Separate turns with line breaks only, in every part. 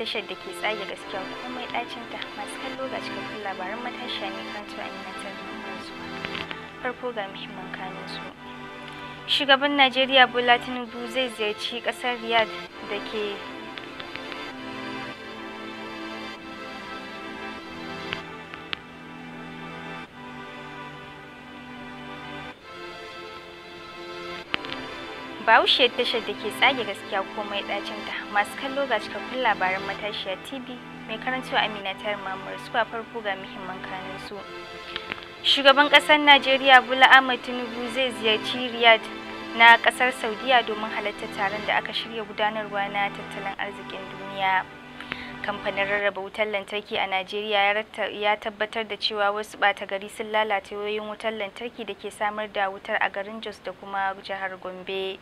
tashar da ke tsage gaskiya komai ɗacinta masu kallo ga cikakkun labaran matashiya ne kan tuwa ingantar su farko ga muhimman kanin su shugaban najeriya bola tinubu zai ziyarci kasar riyadh da ke Bahaushe tashar da ke tsage gaskiya ko komai ɗacinta masu kallo ga cikakkun labaran matashiya TV mai karanto Amina Tayar Mamur suka farko ga muhimman kanin su. Shugaban ƙasar Najeriya Bola Ahmed Tinubu zai ziyarci Riyadh na ƙasar Saudiya domin halartar taron da aka shirya gudanarwa na tattalin arzikin duniya. Kamfanin rarraba wutar lantarki a Najeriya ya tabbatar da cewa wasu bata gari sun lalata wayoyin wutar lantarki da ke samar da wutar a garin Jos da kuma jihar Gombe.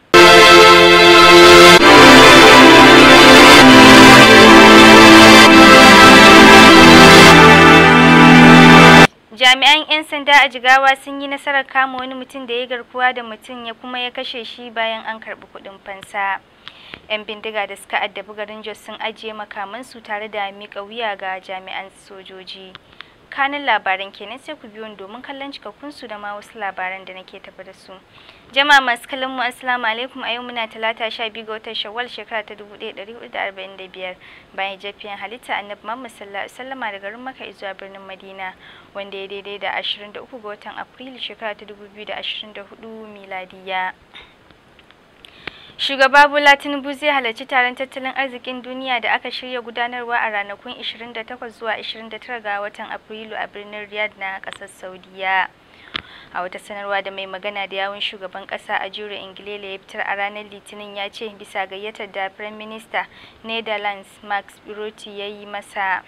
Jami'an 'yan sanda a Jigawa sun yi nasarar kama wani mutum da ya garkuwa da mutum ya kuma ya kashe shi bayan an karbi kudin fansa. 'Yan bindiga da suka addabi garin Jos sun ajiye makamansu tare da mika wuya ga jami'an sojoji. kanin labaran kenan sai ku biyo ni domin kallon cikakkun su da ma wasu labaran da nake tafi da su jama'a masu kallon mu assalamu alaikum a yau muna talata 12 ga watan shawwal shekara ta 1445 bayan jafiyan halitta annabi muhammad sallallahu alaihi wasallama da garin makka zuwa birnin madina wanda ya daidai da 23 ga watan afrilu shekara ta 2024 miladiya Shugaba Bola Tinubu zai halarci taron tattalin arzikin duniya da aka shirya gudanarwa a ranakun 28 zuwa 29 ga watan Afrilu a birnin Riyadh na kasar Saudiya. A wata sanarwa da mai magana da yawun shugaban kasa a jure Ingilele ya fitar a ranar Litinin ya ce bisa gayyatar da Prime Minister Netherlands Max Rutte ya yi masa.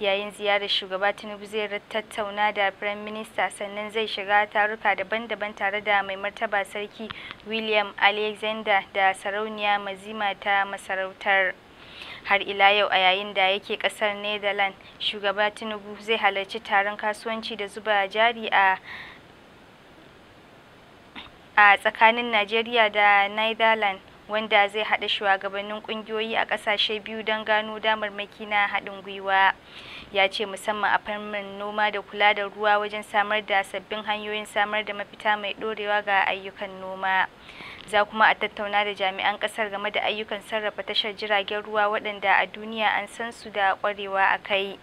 yayin ziyarar shugaba tinubu zai tattauna da firayim minista sannan zai shiga taruka daban-daban tare da mai martaba sarki william alexander da sarauniya mazima ta masarautar har ila yau a yayin da yake kasar netherlands shugaba tinubu zai halarci taron kasuwanci da zuba jari a a tsakanin nigeria da netherlands wanda zai haɗa shugabannin ƙungiyoyi a ƙasashe biyu don gano damarmaki na haɗin gwiwa ya ce musamman a fannin noma da kula da ruwa wajen samar da sabbin hanyoyin samar da mafita mai ɗorewa ga ayyukan noma za kuma a tattauna da jami'an ƙasar game da ayyukan sarrafa tashar jiragen ruwa waɗanda a duniya an san su da kwarewa a kai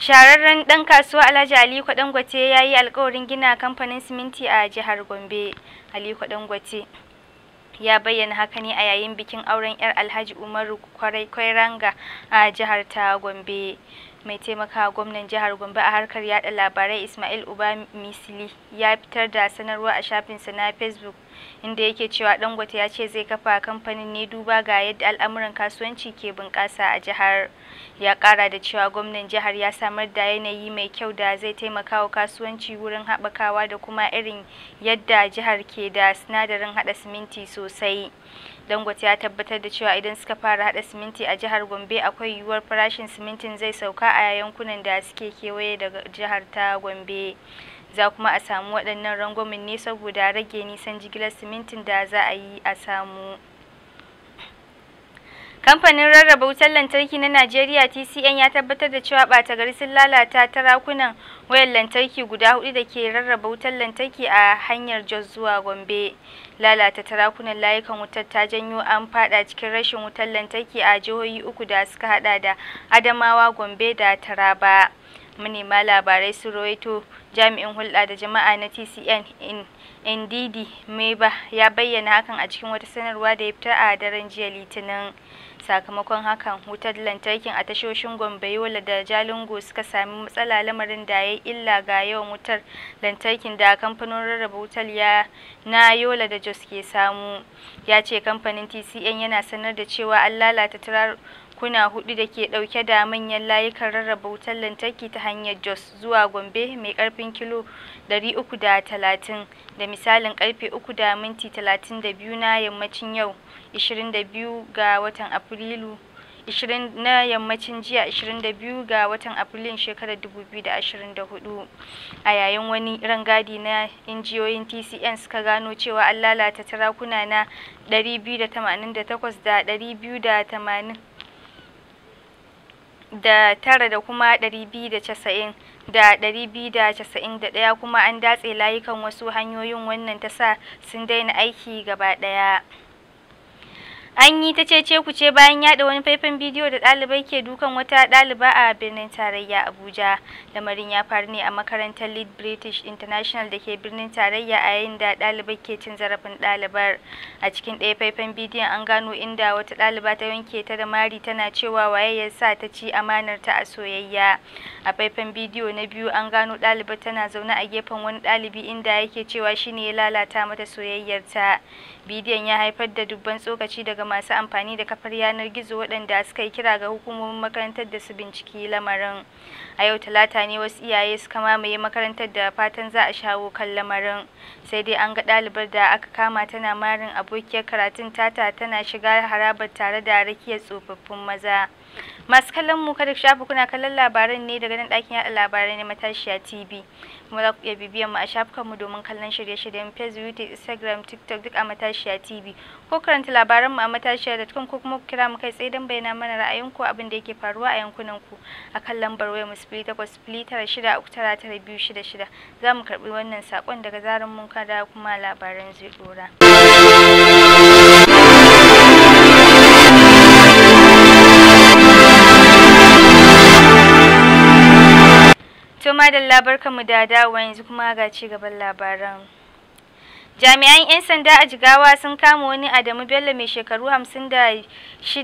Shararren ɗan kasuwa Alhaji Aliko Dangote ya yi alkawarin gina kamfanin siminti a jihar Gombe. Aliko Dangote. ya bayyana haka ne a yayin bikin auren 'yar Alhaji Umaru Kwairanga a jihar ta Gombe. Mai taimaka gwamnan jihar Gombe a harkar yada labarai Ismail Uba Misili ya fitar da sanarwa a shafinsa na Facebook inda yake cewa Dangote ya ce zai kafa kamfanin ne duba ga yadda al'amuran kasuwanci ke bunƙasa a jihar. Ya ƙara da cewa gwamnan jihar ya samar da yanayi mai kyau da zai taimaka wa kasuwanci wurin haɓakawa da kuma irin yadda jihar ke da sinadarin haɗa siminti sosai. Dangote ya tabbatar da cewa idan suka fara haɗa siminti a jihar Gombe akwai yiwuwar farashin simintin zai sauka a yankunan da suke kewaye da jihar ta Gombe. za kuma a samu waɗannan rangwamen ne saboda rage nisan jigilar simintin da za a yi a samu Kamfanin rarraba wutar lantarki na Najeriya TCN ya tabbatar da cewa ɓata gari sun lalata tarakunan wayar lantarki guda hudu da ke rarraba wutar lantarki a hanyar Jos zuwa Gombe. Lalata tarakunan layukan wutar ta janyo an fada cikin rashin wutar lantarki a jihohi uku da suka hada da Adamawa, Gombe da Taraba. manema labarai suroito rawaito jami'in hulɗa da jama'a na TCN NDD Meba ya bayyana hakan a cikin wata sanarwa da ya fitar a daren jiya Litinin. Sakamakon hakan, wutar lantarkin a tashoshin Gombe Yola da Jalingo suka sami matsala lamarin da ya illa ga yawan wutar lantarkin da kamfanin rarraba wutar ya na Yola da Jos ke samu. Ya ce kamfanin TCN yana sanar da cewa an lalata yankuna hudu da ke dauke da manyan layukan rarraba wutar lantarki ta hanyar Jos zuwa Gombe mai karfin kilo 330 da misalin karfe 3 da minti 32 na yammacin yau 22 ga watan Afrilu 20 na yammacin jiya 22 ga watan Afrilun shekarar 2024 a yayin wani rangadi na injiyoyin TCN suka gano cewa an lalata tarakuna na 288 da 280 da tara da kuma ɗari biyu da casa'in da ɗari biyu da casa'in da ɗaya kuma an datse layukan wasu hanyoyin wannan ta sa sun daina aiki gaba ɗaya. an yi ta cece ku ce bayan yada wani faifan bidiyo da ɗalibai ke dukan wata ɗaliba a birnin tarayya abuja lamarin ya faru ne a makarantar lead british international da ke birnin tarayya a yayin da ɗalibai ke cin zarafin ɗalibar a cikin ɗaya faifan bidiyon an gano inda wata ɗaliba ta yanke ta da mari tana cewa waye ya sa ta ci amanar ta a soyayya a faifan bidiyo na biyu an gano ɗalibar tana zaune a gefen wani ɗalibi inda yake cewa shine ya lalata mata soyayyarta bidiyon ya haifar da dubban tsokaci daga masu amfani da kafar yanar gizo waɗanda suka yi kira ga hukumomin makarantar da su binciki lamarin a yau talata ne wasu iyaye suka mamaye makarantar da fatan za a shawo kan lamarin sai dai an ga ɗalibar da aka kama tana marin abokiyar karatun tata tana shiga harabar tare da rakiyar tsofaffin maza masu kallon mu kada ku shafi kuna kallon labaran ne daga nan ɗakin yaɗa labarai na matashiya tv kuma za ku iya bibiyan mu a shafukanmu domin kallon shirye-shiryen facebook youtube instagram tiktok duk a matashi. Asia TV ko karanta labaran mu a matashiya.com ko kuma ku kira mu kai tsaye don bayyana mana ra'ayinku abin da yake faruwa a yankunan ku akan lambar wayar mu 0809939266 za mu karbi wannan sakon daga zaran mun kada kuma labaran zai dora. To madalla barkamu da dawo yanzu kuma ga ci gaban labaran. Jami'an 'yan sanda a Jigawa sun kama wani Adamu Bello mai shekaru 56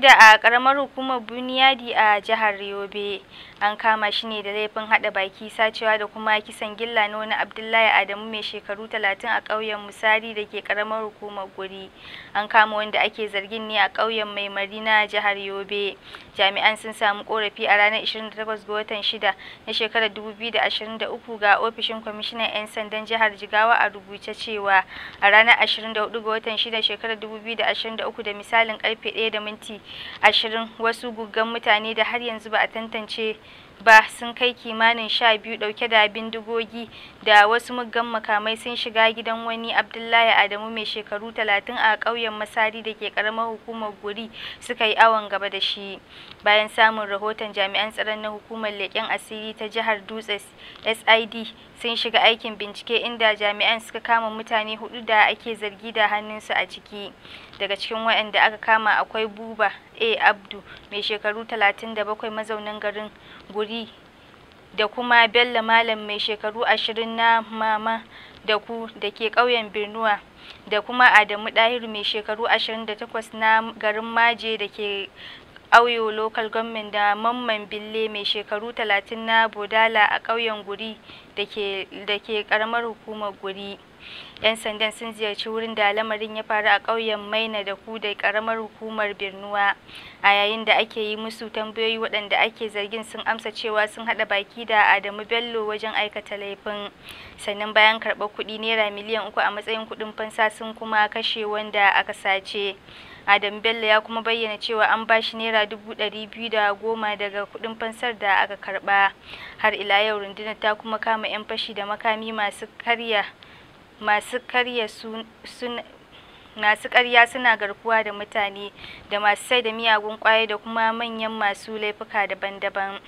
a karamar hukumar Buniyadi a jihar Yobe. An kama shi ne da laifin haɗa baki sacewa da kuma kisan gilla na wani Abdullahi Adamu mai shekaru 30 a ƙauyen Musari da ke karamar hukumar Guri. An kama wanda ake zargin ne a ƙauyen Maimari na jihar Yobe. Jami'an sun samu korafi a ranar 28 ga watan 6 na shekarar 2023 ga ofishin kwamishinan 'yan sandan jihar Jigawa a rubuce cewa a ranar 24 ga watan 6 shekarar 2023 da misalin karfe 1 da minti 20 wasu guggan mutane da har yanzu ba a tantance ba sun kai kimanin sha biyu dauke da abin bindigogi da wasu muggan makamai sun shiga gidan wani abdullahi adamu mai shekaru talatin a ƙauyen masari da ke karamar hukumar guri suka yi awon gaba da shi bayan samun rahoton jami'an tsaron na hukumar leƙen asiri ta jihar dutse sid sun shiga aikin bincike inda jami'an suka kama mutane hudu da ake zargi da hannunsu a ciki daga cikin waɗanda aka kama akwai buba a abdu mai shekaru talatin da bakwai mazaunin garin guri da kuma Bello Malam mai shekaru ashirin na Mama da ku da ke ƙauyen Birnuwa da kuma Adamu Ɗahiru mai shekaru ashirin da takwas na garin Maje da ke Auyo Local Government da Mamman Bille mai shekaru talatin na Bodala a ƙauyen Guri da ke ƙaramar hukumar Guri. 'Yan sandan sun ziyarci wurin da lamarin ya faru a ƙauyen Maina da ku da ƙaramar hukumar Birnuwa. A yayin da ake yi musu tambayoyi waɗanda ake zargin sun amsa cewa sun haɗa baki da Adamu Bello wajen aikata laifin. Sannan bayan karɓar kuɗi naira miliyan uku a matsayin kuɗin fansa sun kuma kashe wanda aka sace. Adam Bello ya kuma bayyana cewa an ba shi naira dubu ɗari biyu da goma daga kuɗin fansar da aka karɓa. Har ila yau rundunar ta kuma kama 'yan fashi da makami masu karya masu karya suna garkuwa da mutane da masu sai da miyagun ƙwayoyi da kuma manyan masu laifuka daban-daban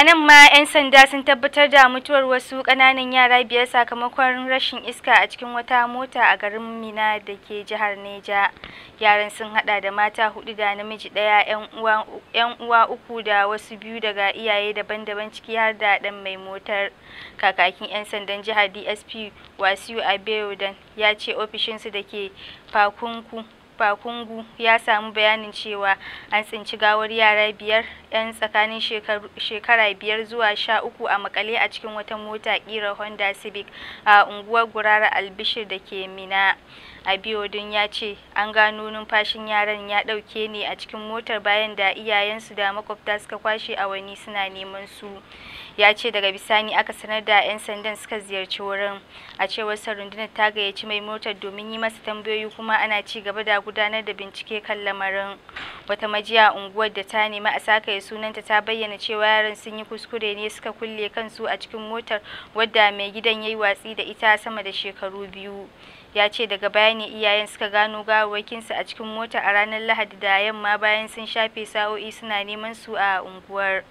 A nan ma 'yan sanda sun tabbatar da mutuwar wasu ƙananan yara biyar sakamakon rashin iska a cikin wata mota a garin Mina da ke jihar Neja. Yaran sun hada da mata hudu da namiji ɗaya 'yan uwa uku da wasu biyu daga iyaye daban-daban ciki har da ɗan mai motar. Kakakin 'yan sandan jihar DSP Wasiu Abeodan ya ce ofishinsu da ke Fakunku Pakungu ya samu bayanin cewa an tsinci gawar yara biyar 'yan tsakanin shekara biyar zuwa sha uku a makale a cikin wata mota kira Honda Civic a unguwar Gurara Albishir da ke Mina. a biyodin ya ce an gano numfashin yaran ya ɗauke ne a cikin motar bayan da iyayensu da makwabta suka kwashe a wani suna neman su. ya ce daga bisani aka sanar da 'yan sandan suka ziyarci wurin a cewar sa rundunar ta gayyaci mai motar domin yi masa tambayoyi kuma ana ci gaba da gudanar da bincike kan lamarin wata majiya unguwar da ta nemi a ya sunanta ta bayyana cewa yaran sun yi kuskure ne suka kulle kansu a cikin motar wadda mai gidan ya yi watsi da ita sama da shekaru biyu ya ce daga baya ne iyayen suka gano gawawakinsu a cikin mota a ranar lahadi da yamma bayan sun shafe sa'o'i suna neman su a unguwar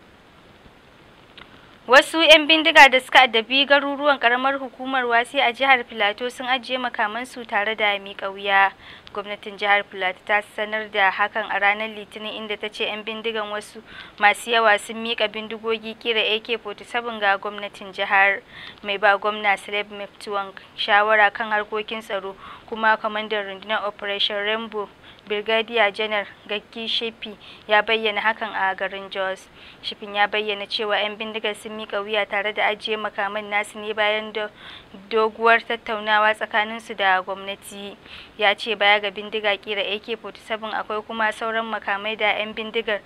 Wasu 'yan bindiga da suka addabi garuruwan karamar hukumar wasi a jihar Filato sun ajiye makamansu tare da miƙa wuya. Gwamnatin jihar Filato ta sanar da hakan a ranar Litinin inda ta ce 'yan bindigan wasu masu yawa sun mika bindigogi kira AK-47 ga gwamnatin jihar. Mai ba gwamna Caleb Miftuwang shawara kan harkokin tsaro kuma kwamandan rundunar Operation Rainbow Birgadiya Janar Gakki Shefi ya bayyana hakan a garin Jos. Shefin ya bayyana cewa 'yan bindigar sun mika wuya tare da ajiye makaman nasu ne bayan doguwar tattaunawa tsakanin su da gwamnati. Ya ce baya ga bindiga kira AK-47 akwai kuma sauran makamai da 'yan bindigar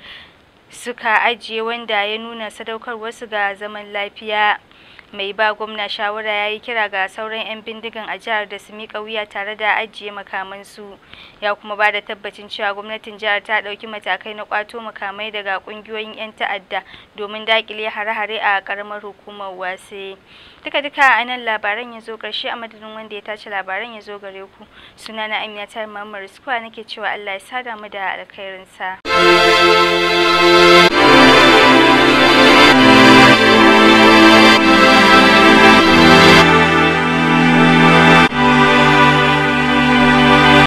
suka ajiye wanda ya nuna sadaukarwarsu ga zaman lafiya. mai ba gwamna shawara ya yi kira ga sauran 'yan bindigan a jihar da su miƙa wuya tare da ajiye makamansu ya kuma ba da tabbacin cewa gwamnatin jihar ta ɗauki matakai na kwato makamai daga ƙungiyoyin 'yan ta'adda domin daƙile hare-hare a ƙaramar hukumar wase duka duka a nan labaran ya zo ƙarshe a madadin wanda ya tace labaran ya zo gare ku sunana amina tar mamar nake cewa allah ya sada mu da alkhairinsa